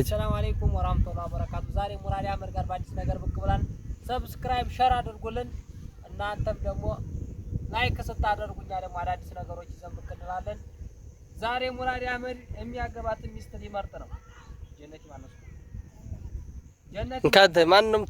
አሰላሙ አለይኩም ወራህመቱላሂ ወበረካቱ። ዛሬ ሙራድ አህመድ ጋር በአዲስ ነገር ብቅ ብላን። ሰብስክራይብ ሸር አድርጉልን። እናንተም ደግሞ ላይክ ስታደርጉ እኛ ደግሞ አዳዲስ ነገሮች ይዘን ብቅ እንላለን። ዛሬ ሙራድ አህመድ የሚያገባትን ሚስት ሊመርጥ ነው። ጀነት ማለት ጀነት ካንተ ማንም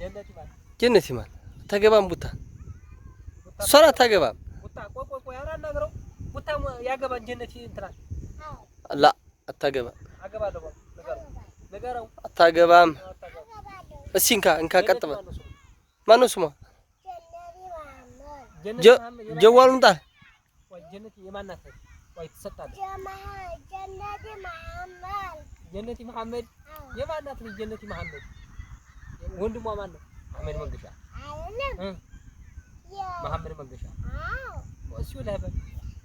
ጀነት ማለት ጀነት ማለት ተገባም ቡታ ሶላት ተገባም ቡታ ቆይ ቆይ ቆይ አራ ነግረው ቡታ ያገባን ጀነት ይንትራል ላ አታገባም፣ አታገባም። እስኪ እንካ እንካ፣ ቀጥ በል። ማነው ስሟ? ጀዋሉን ጣል። ጀነቲ መሐመድ የማናት ልጅ? ጀነቲ መሐመድ ወንድሟ ማን ነው? መሐመድ መንገሻ። መሐመድ መንገሻ እሱ ለበ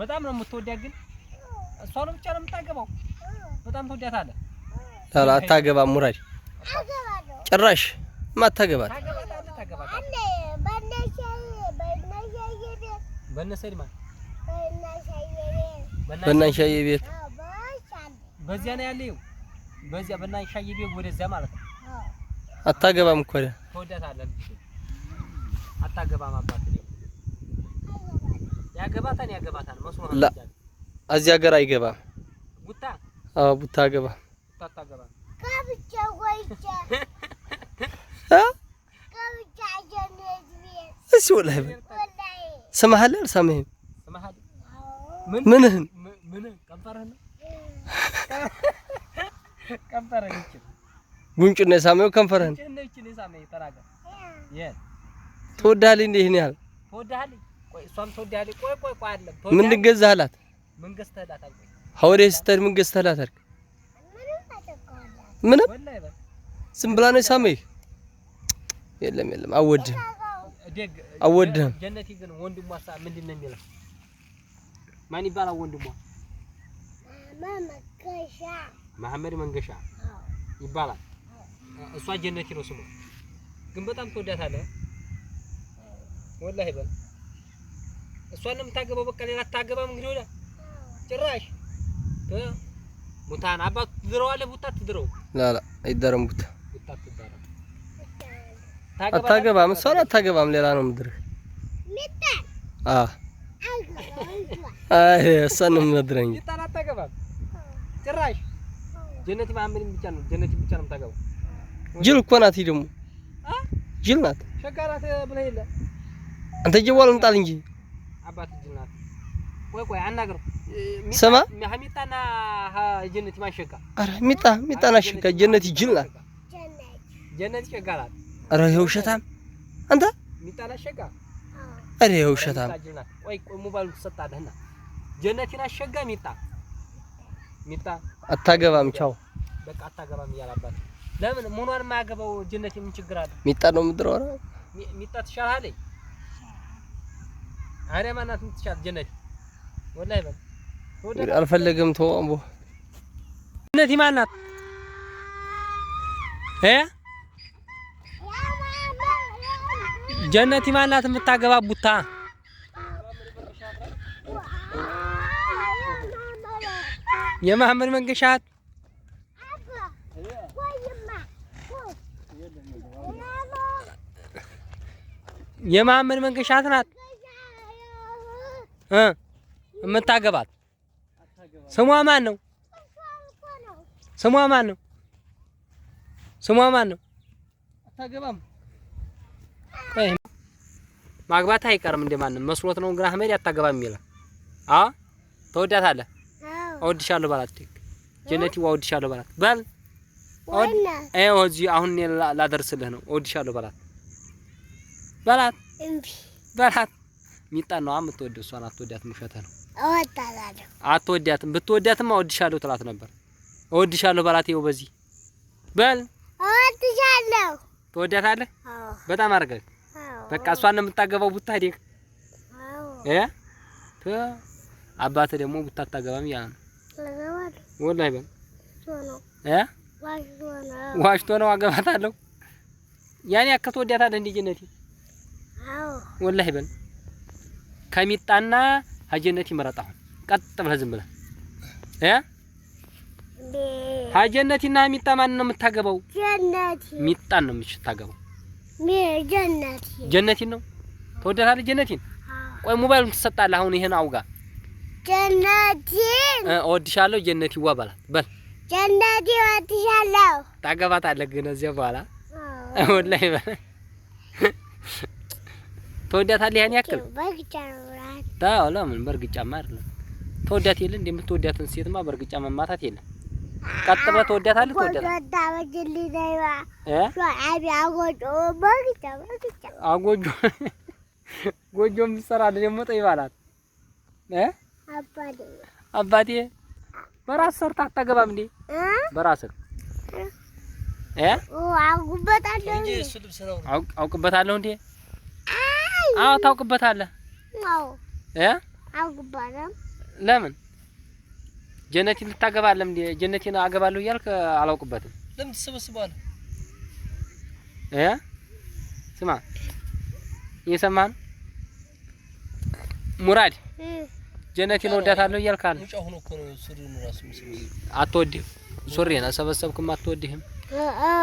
በጣም ነው የምትወዳት። ግን እሷን ብቻ ነው የምታገባው። በጣም ትወዳታለህ። አታገባም ሙራድ ጭራሽ ማታገባት በእናንሻዬ ቤት በዚያ ነው ያለው። በዚያ በእናንሻዬ ቤት ወደዚያ ማለት ነው። አታገባም እኮ አይደል? ትወዳታለህ። አታገባም አባት ያገባታን ያገባታን መስሎ እዚህ ሀገር አይገባም። ቡታ አዎ፣ ቡታ ገባ ስማሃል አልሰማህም? ምንህን ጉንጭና የሳመው ከንፈርህን ትወዳለህ? እንደ ይህን ያህል እሷም ተወዳለች። ቆይ ቆይ ቆይ አለ ምን ልገዛላት? ምን ገዝተህላት? አልቆይ ሀውዴ ስትሄድ ምን ገዝተህላት? አልክ ምንም ዝም ብላ ነው ሳመይ። የለም የለም፣ አወድህም አወድህም። ጀነት ግን ወንድሟ ምንድን ነው የሚለው? ማን ይባላል ወንድሟ? መሀመድ መንገሻ ይባላል። እሷ ጀነቴ ነው ስሙ። ግን በጣም ትወዳታለህ ወላሂ በል እሷን ነው የምታገባው። በቃ ሌላ አታገባም። እንግዲህ ወዲያ ጭራሽ ሙታን አባቱ ትድረዋለህ። ቡታ ትድረው ላላ አይደረም። ቡታ ቡታ ትዳራ አታገባም። እሷን አታገባም። ሌላ ነው ምድር አይ እሷን ነው የምነድረኝ። ይጣላ አታገባም ጭራሽ ጀነት ማምን ብቻ ነው ጀነት ብቻ ነው የምታገባው። ጅል እኮ ናት። ይሄ ደግሞ ጅል ናት። ሸጋራት ብለህ የለ አንተ ጀዋል እንጣል እንጂ አባት እጅ ናት። ቆይ አናግረው። ስማ ሚጣና ጀነት ማን ሸጋ? ኧረ ሚጣ ሚጣና ሸጋ ጀነት ይጅል ጀነት ሸጋ ናት። ኧረ አንተ ሚጣና ሸጋ። ኧረ ይኸው ውሸታም። ቆይ ቆይ ትሰጣለህና ጀነቲን አሸጋ ሚጣ ሚጣ አታገባም። ቻው በቃ አታገባም እያለ ለምን መሆኗን የማያገባው ጀነት ምን ችግር አለ? ሚጣ ነው ምድረው። ኧረ ሚጣ ትሻላለች አሪያ ማናት ምትሻት ጀነት ወላይ በል አልፈለገም። ተው አምቦ ጀነት ማናት እ ጀነት ማናት የምታገባ ቡታ መንገሻት የማህመድ መንገሻት ናት። የምታገባት ስሟ ማን ነው? ስሟ ማን ነው? ስሟ ማን ነው? አታገባም። ማግባት አይቀርም እንደ ማንም መስሎት ነው። ግን አህመድ አታገባም ይላል። አ ተወዳታለህ? እወድሻለሁ በላት። ጀነቲ እወድሻለሁ በላት። በል እዚህ አሁን ላደርስልህ ነው። እወድሻለሁ በላት፣ በላት፣ በላት ሚጣ ነው የምትወደው። እሷን አትወዳትም፣ ውሸትህ ነው። እወዳታለሁ። አትወዳትም። ብትወዳትም እወድሻለሁ ትላት ነበር። እወድሻለሁ በላት። ይኸው በዚህ በል። እወድሻለሁ። ትወዳታለህ? አዎ። በጣም አድርገህ በቃ እሷን ነው የምታገባው። ቡታ ሄደህ እ ተ አባትህ ደግሞ ቡታ አታገባም እያለ ነው። ወላሂ በል እ ዋሽቶ ነው አገባታለሁ። ያኔ አከት ወዳታለህ እንዴ ጀነቴ? አዎ። ወላሂ በል ከሚጣና ሀጀነት ይመረጥ። አሁን ቀጥ ብለህ ዝም ብለህ እ ሀጀነቲና ሚጣ ማን ነው የምታገባው? ጀነቲ ሚጣን ነው የምታገባው። ጀነቲ ጀነቲ ነው ተወዳታለህ። ጀነቲን ቆይ ሞባይሉን ትሰጣለህ። አሁን ይሄን አውጋ። ጀነቲ እወድሻለሁ፣ ጀነቲ ዋ በላት። በል ጀነቲ እወድሻለሁ። ታገባታለህ ግን እዚያ በኋላ አሁን ላይ ተወዳታለህ? ያን ያክል ታው ለምን በእርግጫማ አይደለም ተወዳት የለ እንደ የምትወዳትን ሴትማ በእርግጫ መማታት የለም። ቀጥ ብለህ አጎጆ ጎጆ የምትሰራለህ ደግሞ ጠይባ እ አባቴ በራስ ሰርታ አታገባም እንዴ? በራስህ አውቅበታለሁ እንዴ? አዎ ታውቅበታለህ? አዎ እ አውቅበታለሁ። ለምን ጀነቲን ልታገባለም? እንዴ ጀነቲን አገባለሁ እያልክ አላውቅበትም። ለምን ትሰበስባለህ? እ ስማ እየሰማህ ሙራድ ጀነቲን ወዳታለሁ እያልክ አለ። አትወድህም? ሱሪን አልሰበሰብክም? አትወድህም?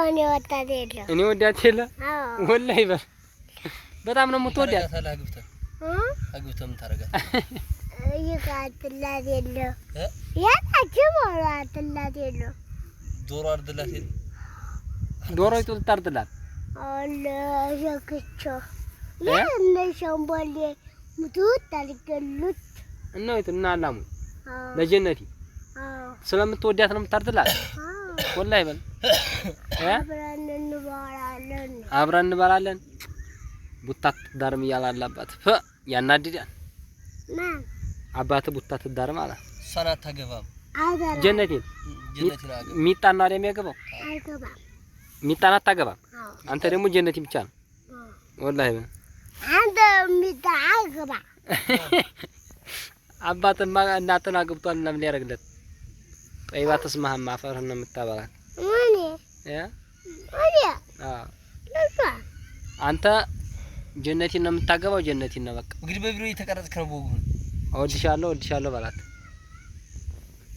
እኔ ወዳት የለ እኔ ወዳት የለ ወላሂ በል በጣም ነው የምትወዳት። አግብተህ የምታረጋት ይቃትላት የለ አትላት የለ ዶሮ ይጡ ልታርድላት አለ ሸክቾ እና አላሙ ለጀነቲ ስለምትወዳት ነው የምታርድላት። ወላሂ በል አብረን እንበላለን ቡታ ትዳርም እያለ አለ አባት ያናድዳል። አባት ቡታ ትዳር ማለት ሰና ተገባም ጀነቴን ሚጣና አይደል የሚያገባው ሚጣና አታገባም። አንተ ደግሞ ጀነቴን ብቻ ነው ወላሂ አንተ ሚጣ አይገባ አባትማ እናትን አግብቷል እና ምን ሊያደርግለት ጠይባ ተስማህማ ማፈር ነው የምታበላት አንተ ጀነቲን ነው የምታገባው። ጀነቲን ነው በቃ። እንግዲህ በቪዲዮ እየተቀረጽክ ነው። እወድሻለሁ፣ እወድሻለሁ በላት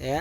እያ